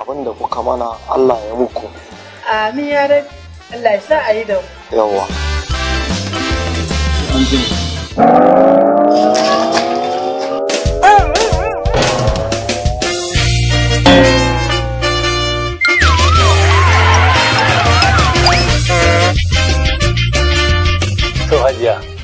abin da kuka mana Allah ya muku. Amin ya rai, Allah ya sa a yi da mu. Yawwa. To hajiya.